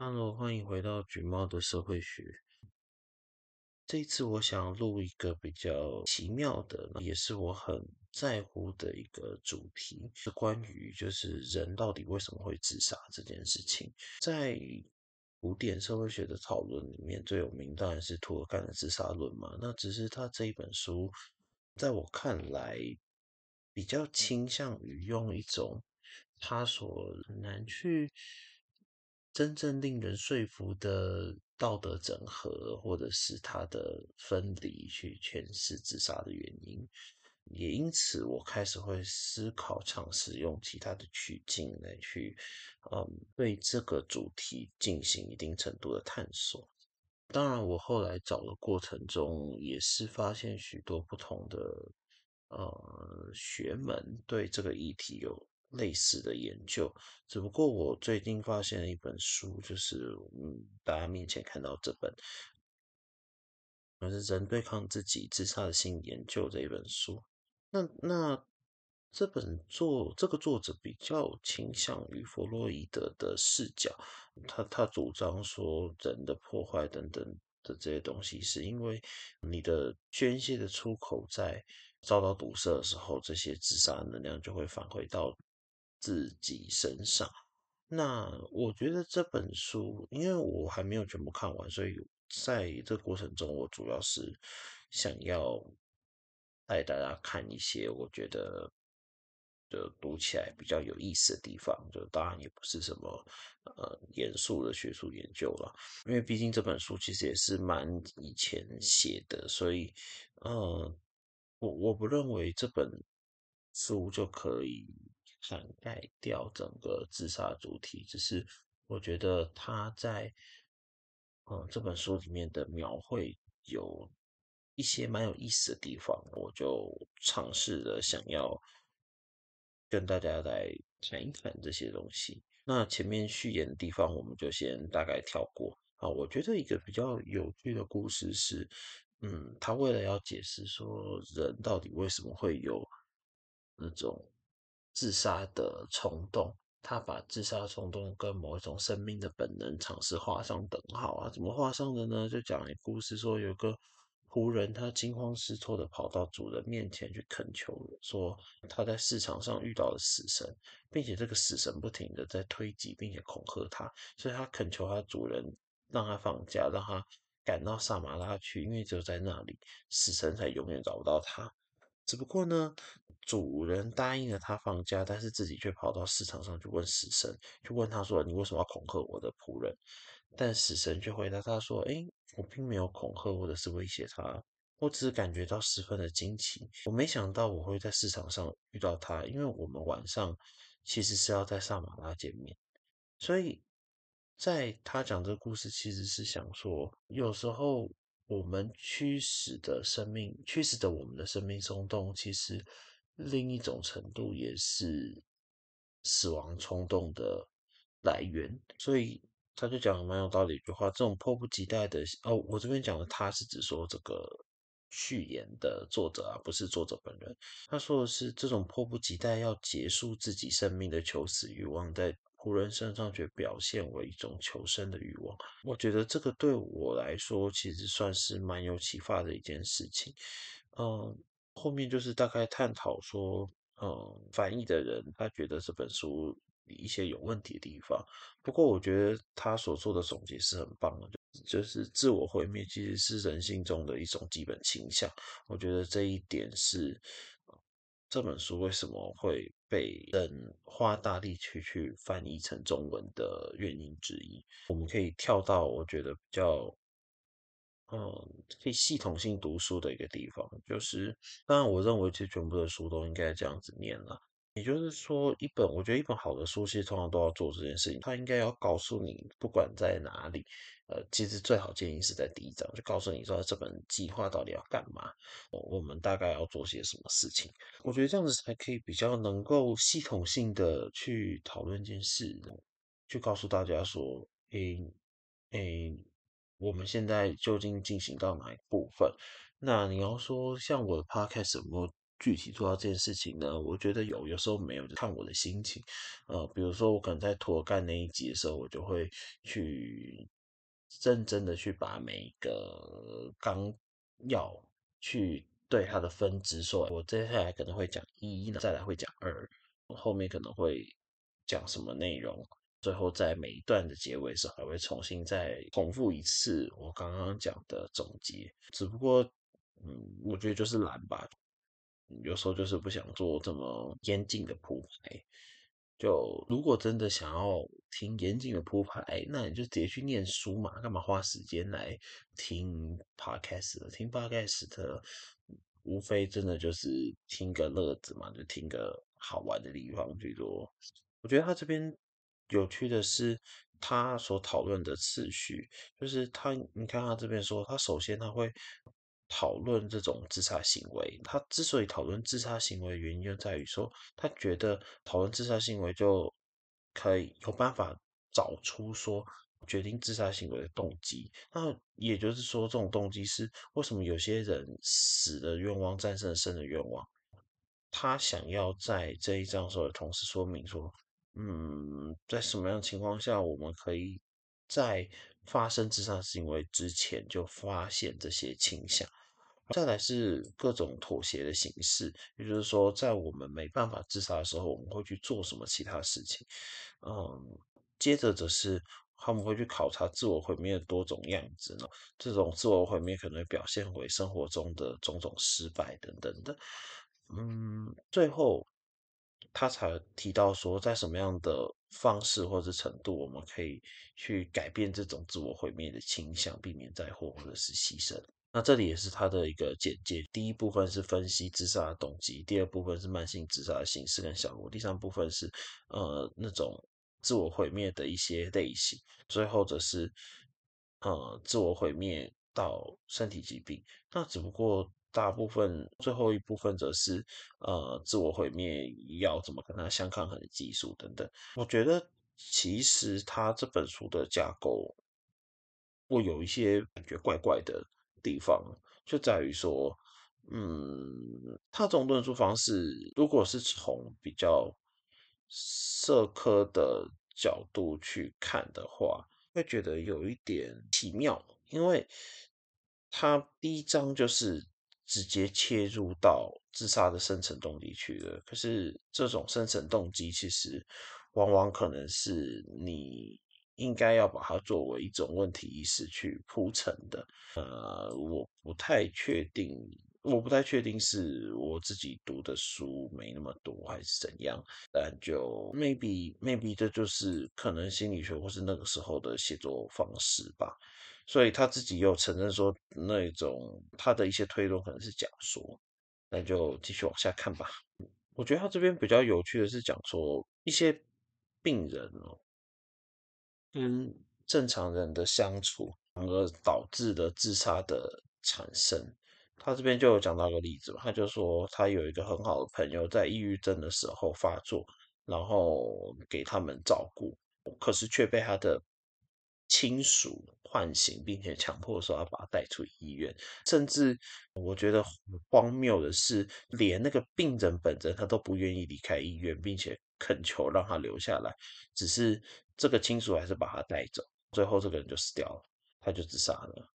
哈嘍歡迎回到橘貓的社會學。這一次我想錄一個比較奇妙的，也是我很在乎的一個主題，是關於就是人到底為什麼會自殺這件事情。在古典社會學的討論裡面，最有名當然是涂爾幹的自殺論嘛。那只是他這一本書，在我看來比較傾向於用一種他所難去。真正令人說服的道德整合，或者是他的分離，去詮釋自殺的原因，也因此我開始會思考，嘗試用其他的取徑來去，嗯，對這個主題進行一定程度的探索。當然，我後來找的過程中，也是發現許多不同的，呃、嗯，學門對這個議題有。類似的研究，只不過我最近發現了一本書，就是、嗯、大家面前看到這本，就是《人對抗自己自殺的心理研究》這一本書。那那這本作這個作者比較傾向於弗洛伊德的視角，他他主張說，人的破壞等等的這些東西，是因為你的宣洩的出口在遭到堵塞的時候，這些自殺能量就會返回到。自己身上，那我覺得這本書，因為我還沒有全部看完，所以在這過程中，我主要是想要帶大家看一些我覺得就讀起來比較有意思的地方。就當然也不是什麼呃、嚴肅的學術研究了，因為畢竟這本書其實也是蠻以前寫的，所以嗯、呃，我我不認為這本書就可以。涵蓋掉整個自殺主題，只是我覺得他在嗯這本書裡面的描繪有，一些蠻有意思的地方，我就嘗試著想要跟大家來談一談這些東西。那前面序言的地方我們就先大概跳過啊。我覺得一個比較有趣的故事是，嗯，他為了要解釋說人到底為什麼會有那種。自殺的衝動，他把自殺衝動跟某一種生命的本能嘗試畫上等號啊？怎麼畫上的呢？就講一故事，說有個僕人，他驚慌失措地跑到主人面前去懇求，說他在市場上遇到了死神，並且這個死神不停地在推擠並且恐嚇他，所以他懇求他主人讓他放假，讓他趕到撒馬拉去，因為只有在那裡死神才永遠找不到他。只不過呢，主人答應了他放假，但是自己卻跑到市場上去問死神，就問他說：“你為什麼要恐嚇我的僕人？”但死神卻回答他說：“哎，我並沒有恐嚇或者是威脅他，我只是感覺到十分的驚奇，我沒想到我會在市場上遇到他，因為我們晚上其實是要在薩馬拉見面，所以在他講這故事，其實是想說，有時候。”我們驅使的生命，驅使的我們的生命衝動，其實另一種程度也是死亡衝動的來源。所以，他就講的蠻有道理的一句話，這種迫不及待的哦，我這邊講的，他是指說這個序言的作者啊，不是作者本人。他說的是這種迫不及待要結束自己生命的求死慾望在。古人身上，卻表現為一種求生的慾望。我覺得這個對我來說，其實算是蠻有啟發的一件事情。嗯，後面就是大概探討說，嗯，翻譯的人他覺得這本書一些有問題的地方。不過我覺得他所做的總結是很棒的，就是、就是、自我毀滅其實是人性中的一種基本傾向。我覺得這一點是這本書為什麼會被人花大力氣去，去翻譯成中文的原因之一，我們可以跳到我覺得比較，嗯，可以系統性讀書的一個地方，就是當然，我認為其實全部的書都應該這樣子念了。也就是說，一本我覺得一本好的書，其實通常都要做這件事情，它應該要告訴你，不管在哪裡，呃，其實最好建議是在第一章就告訴你說這本計劃到底要幹嘛、哦，我們大概要做些什麼事情。我覺得這樣子才可以比較能夠系統性的去討論一件事，去告訴大家說，誒、欸、誒、欸，我們現在究竟進行到哪一部分？那你要說像我的 podcast 有沒有？具體做到這件事情呢，我覺得有，有時候沒有，就看我的心情。呃，比如說我可能在涂爾幹那一集的時候，我就會去認真的去把每一個綱要去對它的分支說，我接下來可能會講一呢，再來會講二，後面可能會講什麼內容，最後在每一段的結尾的時候還會重新再重複一次我剛剛講的總結。只不過，嗯，我覺得就是懶吧。有時候就是不想做這麼嚴謹的鋪排。就如果真的想要聽嚴謹的鋪排，那你就直接去念書嘛，幹嘛花時間來聽 podcast 的，聽 podcast 的無非真的就是聽個樂子嘛，就聽個好玩的地方。最多我覺得他這邊有趣的是他所討論的次序，就是他你看他這邊說，他首先他會。討論這種自殺行為，他之所以討論自殺行為，原因就在於說，他覺得討論自殺行為就可以有辦法找出說決定自殺行為的動機。那也就是說，這種動機是為什麼有些人死的願望戰勝生的願望。他想要在這一章的時候同時說明說，嗯，在什麼樣的情況下，我們可以在。發生自殺行為之前就發現這些傾向，再來是各種妥協的形式，也就是說，在我們沒辦法自殺的時候，我們會去做什麼其他事情？嗯，接着則是他們會去考察自我毀滅的多種樣子呢？這種自我毀滅可能表現為生活中的種種失敗等等的。嗯，最後他才提到說，在什麼樣的，方式或者程度，我們可以去改變這種自我毀滅的傾向，避免災禍或者是犧牲。那這裡也是它的一個簡介：第一部分是分析自殺的動機，第二部分是慢性自殺的形式跟效果，第三部分是呃那種自我毀滅的一些類型，最後則是呃自我毀滅到身體疾病。那只不過。大部分最後一部分則是呃自我毀滅要怎麼跟他相抗衡的技術等等。我覺得其實他這本書的架構會有一些感覺怪怪的地方，就在於說，嗯，他這種論述方式，如果是從比較社科的角度去看的話，會覺得有一點奇妙，因為他第一章就是。直接切入到自殺的深層動機去了，可是這種深層動機其實往往可能是你應該要把它作為一種問題意識去鋪陳的，呃，我不太確定。我不太確定是我自己讀的書沒那麼多，還是怎樣，但就 maybe maybe 這就是可能心理學或是那個時候的寫作方式吧。所以他自己又承認說，那種他的一些推論可能是假說，那就繼續往下看吧。我覺得他這邊比較有趣的是講說一些病人哦，跟正常人的相處而導致的自殺的產生。他這邊就有講到一個例子嘛，他就說他有一個很好的朋友在抑鬱症的時候發作，然後給他們照顧，可是卻被他的親屬喚醒，並且強迫說要把他帶出醫院，甚至我覺得荒謬的是，連那個病人本身他都不願意離開醫院，並且懇求讓他留下來，只是這個親屬還是把他帶走，最後這個人就死掉了，他就自殺了。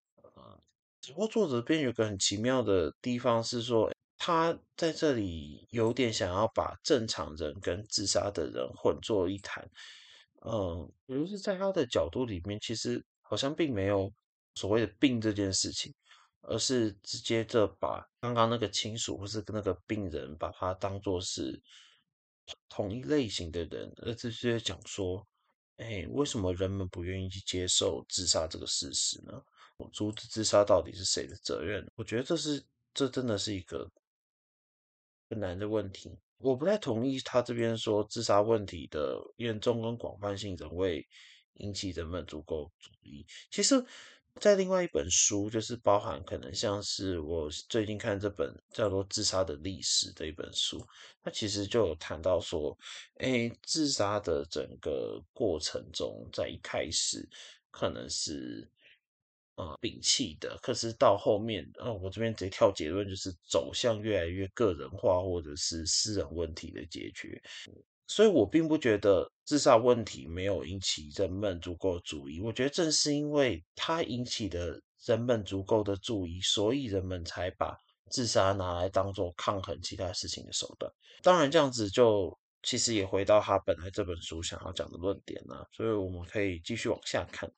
只不過作者邊有個很奇妙的地方是說，他在這裡有點想要把正常人跟自殺的人混作一談，嗯，也就是在他的角度裡面，其實好像並沒有所謂的病這件事情，而是直接就把剛剛那個親屬或是那個病人，把他當做是同一類型的人，而直接講說，哎、欸，為什麼人們不願意去接受自殺這個事實呢？阻止自殺到底是誰的責任？我覺得這是這真的是一個很難的問題。我不太同意他這邊說自殺問題的嚴重跟廣泛性仍未引起人們足夠注意。其實，在另外一本書，就是包含可能像是我最近看這本叫做《自殺的歷史》的一本書，它其實就有談到說，欸，自殺的整個過程中，在一開始可能是。啊、嗯，摒棄的。可是到後面，哦、我這邊直接跳結論，就是走向越來越個人化，或者是私人問題的解決。嗯、所以我並不覺得自殺問題沒有引起人們足夠的注意。我覺得正是因為它引起的人們足夠的注意，所以人們才把自殺拿來當做抗衡其他事情的手段。當然，這樣子就其實也回到他本來這本書想要講的論點啦。所以我們可以繼續往下看。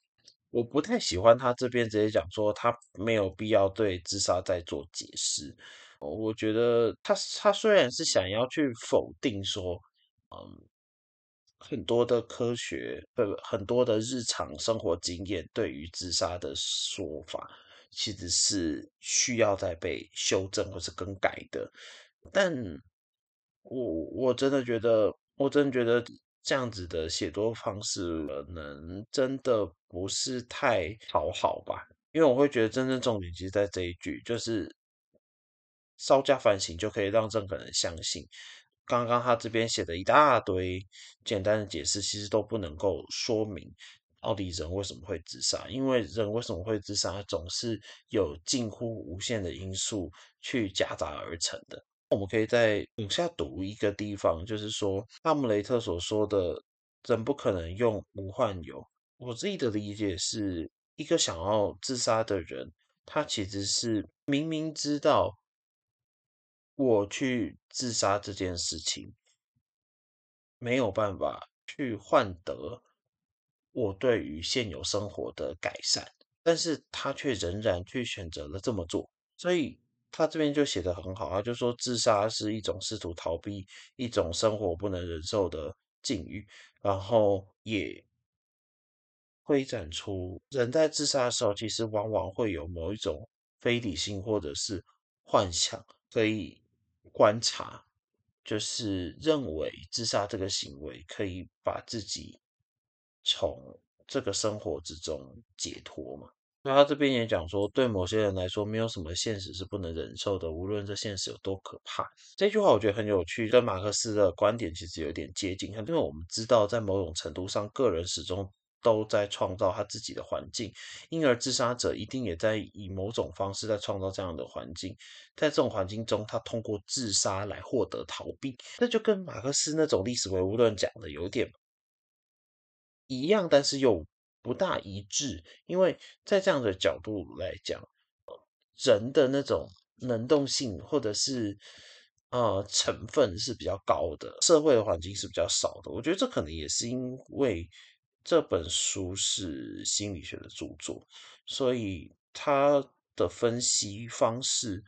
我不太喜歡他這邊直接講說他沒有必要對自殺再做解釋。我覺得他他雖然是想要去否定說，嗯，很多的科學不不很多的日常生活經驗對於自殺的說法其實是需要再被修正或是更改的。但我我真的覺得，我真的覺得。這樣子的寫作方式，可能真的不是太討好吧？因為我會覺得真正重點其實在這一句，就是稍加反省就可以讓任何人相信，剛剛他這邊寫的一大堆簡單的解釋，其實都不能夠說明到底人為什麼會自殺。因為人為什麼會自殺，總是有近乎無限的因素去夾雜而成的。我們可以再往下讀一個地方，就是說，哈姆雷特所說的“人不可能用無換有”，我自己的理解是一個想要自殺的人，他其實是明明知道我去自殺這件事情沒有辦法去換得我對於現有生活的改善，但是他卻仍然去選擇了這麼做，所以。他這邊就寫得很好啊，他就說，自殺是一種試圖逃避一種生活不能忍受的境遇，然後也會展出人在自殺的時候，其實往往會有某一種非理性或者是幻想可以觀察，就是認為自殺這個行為可以把自己從這個生活之中解脫嘛。那他這邊也講說，對某些人來說，沒有什麼現實是不能忍受的，無論這現實有多可怕。這句話我覺得很有趣，跟馬克思的觀點其實有點接近，因為我們知道，在某種程度上，個人始終都在創造他自己的環境，因而自殺者一定也在以某種方式在創造這樣的環境，在這種環境中，他通過自殺來獲得逃避，這就跟馬克思那種歷史唯物論講的有點一樣，但是又。不大一致，因為在這樣的角度來講，人的那種能動性或者是呃成分是比較高的，社會的環境是比較少的。我覺得這可能也是因為這本書是心理學的著作，所以它的分析方式。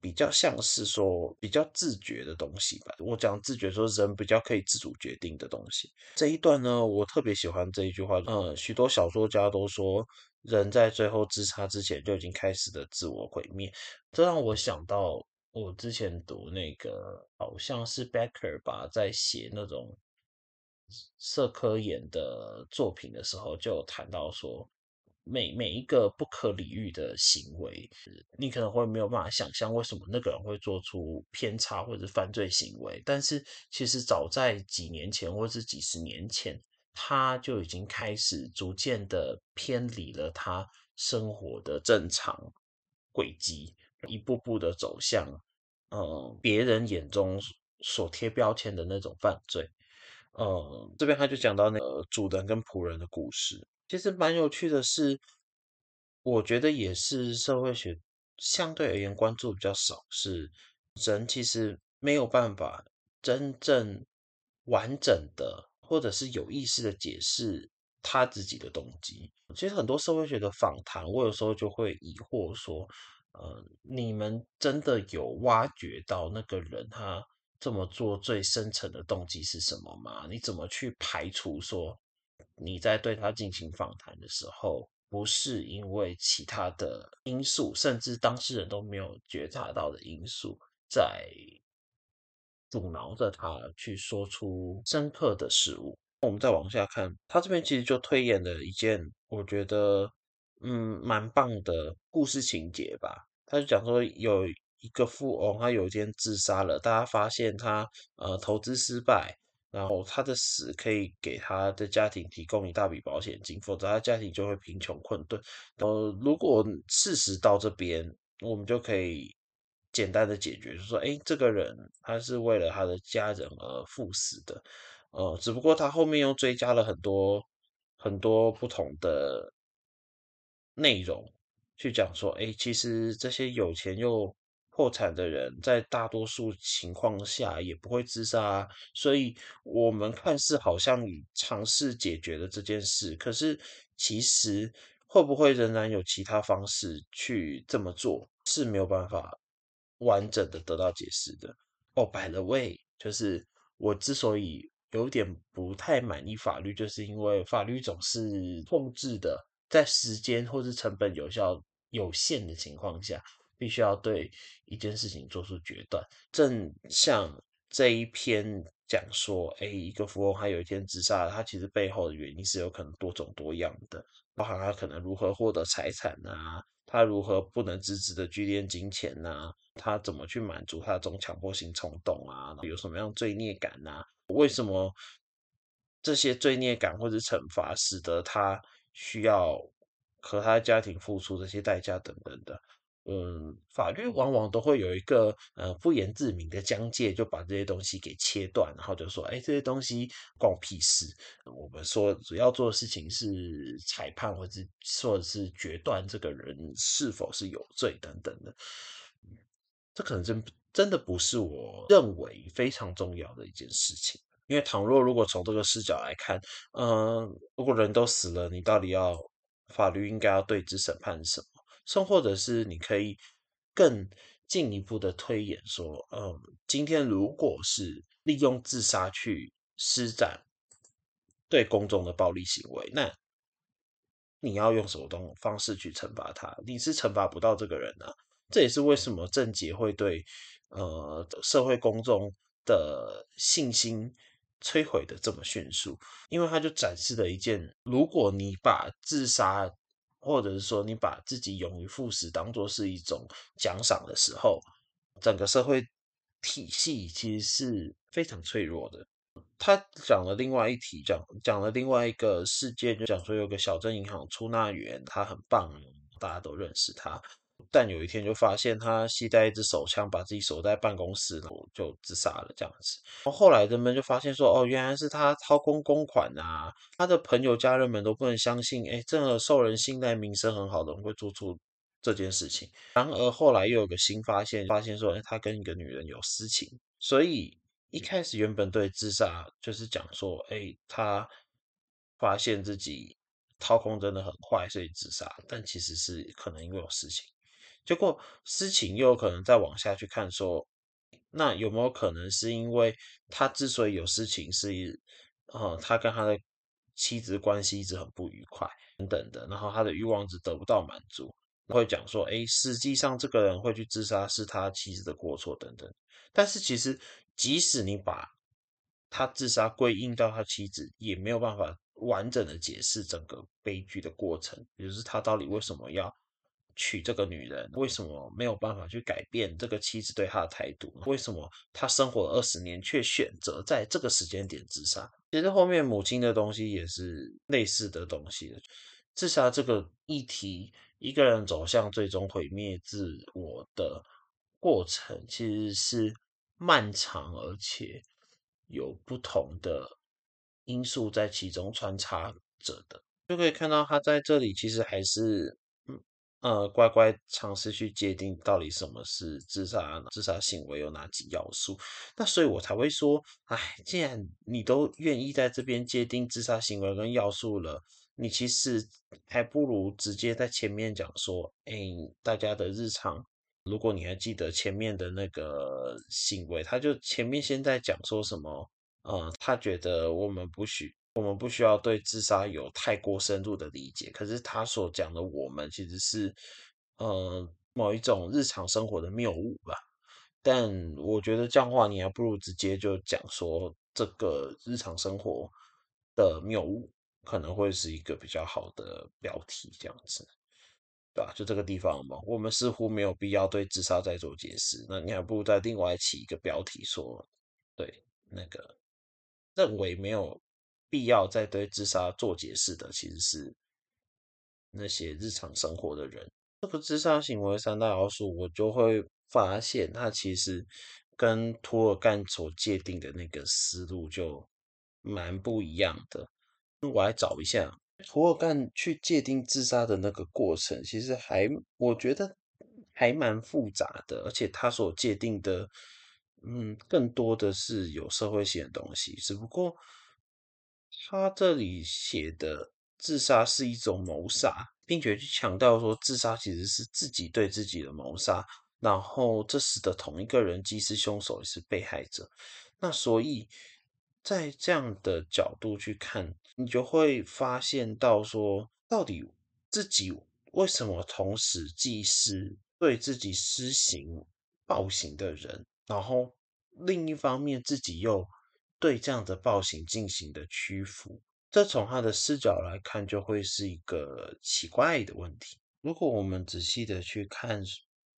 比較像是說比較自覺的東西吧。我講自覺，說人比較可以自主決定的東西。這一段呢，我特別喜歡這一句話。嗯，許多小說家都說，人在最後自殺之前就已經開始了自我毀滅。這讓我想到我之前讀那個好像是 Becker 吧，在寫那種社科研的作品的時候，就談到說，每每一個不可理喻的行為，你可能會沒有辦法想象為什麼那個人會做出偏差或者是犯罪行為。但是其實早在幾年前，或是幾十年前，他就已經開始逐漸的偏離了他生活的正常軌跡，一步步的走向，嗯、呃，別人眼中所貼標籤的那種犯罪。嗯、呃，這邊他就講到那個主人跟僕人的故事。其實蠻有趣的是，我覺得也是社會學相對而言關注比較少，是人其實沒有辦法真正完整的，或者是有意識的解釋他自己的動機。其實很多社會學的訪談，我有時候就會疑惑說，呃，你們真的有挖掘到那個人他這麼做最深層的動機是什麼嗎？你怎麼去排除說？你在對他進行訪談的時候，不是因為其他的因素，甚至當事人都沒有覺察到的因素，在阻撓着他去說出深刻的事物。我們再往下看，他這邊其實就推演了一件我覺得嗯蠻棒的故事情節吧。他就講說，有一個富翁，他有一天自殺了，大家發現他呃投資失敗。然後他的死可以給他的家庭提供一大筆保險金，否則他家庭就會貧窮困頓。呃，如果事實到這邊，我們就可以簡單的解決，就說，哎，這個人他是為了他的家人而赴死的，呃，只不過他後面又追加了很多很多不同的內容去講說，哎，其實這些有錢又。破產的人在大多數情況下也不會自殺啊，所以我們看似好像已嘗試解決了這件事，可是其實會不會仍然有其他方式去這麼做，是沒有辦法完整的得到解釋的。哦，by the way，就是我之所以有點不太滿意法律，就是因為法律總是控制的，在時間或是成本有效有限的情況下。必須要對一件事情做出決斷，正像這一篇講說，哎、欸，一個富翁他有一天自殺，他其實背後的原因是有可能多種多樣的，包含他可能如何獲得財產吶、啊，他如何不能自制的聚斂金錢吶、啊，他怎麼去滿足他這種強迫性衝動啊，有什麼樣罪孽感吶、啊，為什麼這些罪孽感或者懲罰使得他需要和他家庭付出這些代價等等的。嗯，法律往往都會有一個呃不言自明的疆界，就把這些東西給切斷，然後就說，哎，這些東西關我屁事。我們說主要做的事情是裁判，或者是說是決斷，這個人是否是有罪等等的。嗯，這可能真真的不是我認為非常重要的一件事情，因為倘若如果從這個視角來看，嗯，如果人都死了，你到底要法律應該要對之審判什麼？甚或者是你可以更進一步的推演說，嗯，今天如果是利用自殺去施展對公眾的暴力行為，那你要用什麼東方式去懲罰他？你是懲罰不到這個人的啊。這也是為什麼政杰會對呃社會公眾的信心摧毀的這麼迅速，因為他就展示了一件，如果你把自殺。或者是說你把自己勇於赴死當做是一種獎賞的時候，整個社會體系其實是非常脆弱的。他講了另外一題，講，講了另外一個事件，就講說有個小鎮銀行出納員，他很棒，大家都認識他。但有一天就發現他攜帶一支手槍，把自己鎖在辦公室，就自殺了。這樣子，後來人們就發現說，哦，原來是他掏空公款吶、啊！他的朋友、家人們都不能相信，哎、欸，這個受人信賴、名聲很好的人會做出這件事情。然而後來又有個新發現，發現說，哎、欸，他跟一個女人有私情。所以一開始原本對自殺就是講說，哎、欸，他發現自己掏空真的很壞，所以自殺。但其實是可能因為有事情。結果事情又有可能再往下去看說，說那有沒有可能是因為他之所以有事情是，是、嗯、啊，他跟他的妻子關係一直很不愉快等等的，然後他的慾望一直得不到滿足，會講說，哎，實際上這個人會去自殺是他妻子的過錯等等。但是其實即使你把他自殺歸因到他妻子，也沒有辦法完整的解釋整個悲劇的過程，也就是他到底為什麼要。娶這個女人，為什麼沒有辦法去改變這個妻子對他的態度？為什麼他生活了二十年，卻選擇在這個時間點自殺？其實後面母親的東西也是類似的東西。自殺這個議題，一個人走向最終毀滅自我的過程，其實是漫長，而且有不同的因素在其中穿插着的。就可以看到他在這裡其實還是。呃，乖乖嘗試去界定到底什麼是自殺，自殺行為有哪幾要素。那所以我才會說，哎，既然你都願意在這邊界定自殺行為跟要素了，你其實還不如直接在前面講說，哎、欸，大家的日常，如果你還記得前面的那個行為，他就前面現在講說什麼，呃、嗯，他覺得我們不許。我們不需要對自殺有太過深入的理解，可是他所講的我們其實是，呃，某一種日常生活的謬誤吧。但我覺得這樣的話，你還不如直接就講說這個日常生活的謬誤，可能會是一個比較好的標題，這樣子，對吧、啊？就這個地方嘛，我們似乎沒有必要對自殺再做解釋。那你還不如在另外起一個標題說，對，那個認為沒有。必要在對自殺做解釋的，其實是那些日常生活的人。這個自殺行為三大要素，我就會發現，它其實跟涂爾幹所界定的那個思路就蠻不一樣的。我來找一下涂爾幹去界定自殺的那個過程，其實還我覺得還蠻複雜的，而且他所界定的，嗯，更多的是有社會性的東西，只不過。他這裡寫的自殺是一種謀殺，並且去強調說自殺其實是自己對自己的謀殺，然後這使得同一個人既是凶手也是被害者。那所以，在這樣的角度去看，你就會發現到說，到底自己為什麼同時既是對自己施行暴行的人，然後另一方面自己又。對這樣的暴行進行的屈服，這從他的視角來看就會是一個奇怪的問題。如果我們仔細的去看、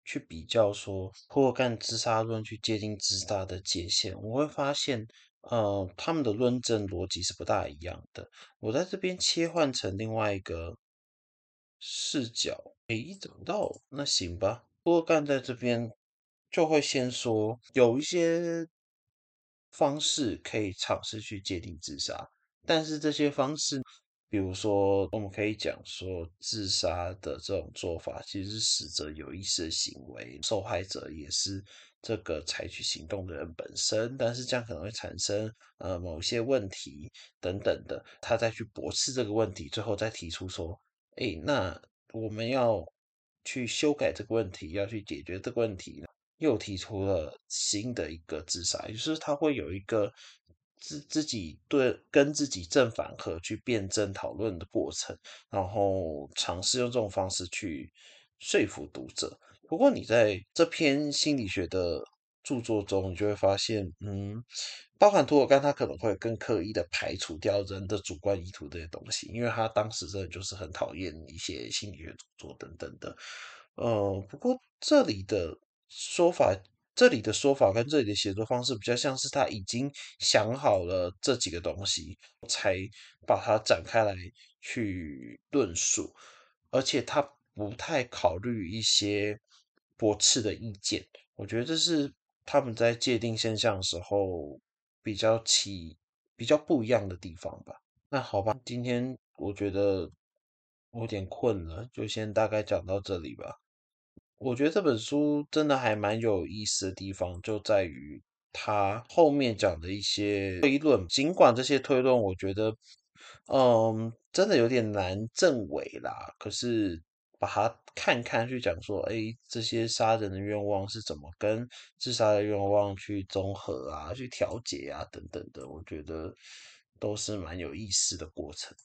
去比較說，說涂爾幹自殺論去接近自殺的界限，我會發現，呃，他們的論證邏輯是不大一樣的。我在這邊切換成另外一個視角，誒，找不到？那行吧。涂爾幹在這邊就會先說有一些方式可以嘗試去界定自殺，但是這些方式，比如說，我們可以講說，自殺的這種做法其實是死者有意識的行為，受害者也是這個採取行動的人本身，但是這樣可能會產生呃某些問題等等的，他再去駁斥這個問題，最後再提出說，欸，那我們要去修改這個問題，要去解決這個問題呢。又提出了新的一個自殺，也就是他會有一個自自己對跟自己正反合去辯證討論的過程，然後嘗試用這種方式去說服讀者。不過你在這篇心理學的著作中，你就會發現，嗯，包含涂爾幹，他可能會更刻意的排除掉人的主觀意圖這些東西，因為他當時真的就是很討厭一些心理學著作等等的。呃、嗯，不過這裡的。說法這裡的說法跟這裡的寫作方式比較像是他已經想好了這幾個東西，才把它展開來去論述，而且他不太考慮一些駁斥的意見。我覺得這是他們在界定現象的時候比較起比較不一樣的地方吧。那好吧，今天我覺得我有點困了，就先大概講到這裡吧。我覺得這本書真的還蠻有意思的地方，就在於它後面講的一些推論。儘管這些推論，我覺得，嗯，真的有點難證偽啦。可是把它看看，去講說，哎，這些殺人的願望是怎麼跟自殺的願望去綜合啊，去調節啊，等等的，我覺得都是蠻有意思的過程。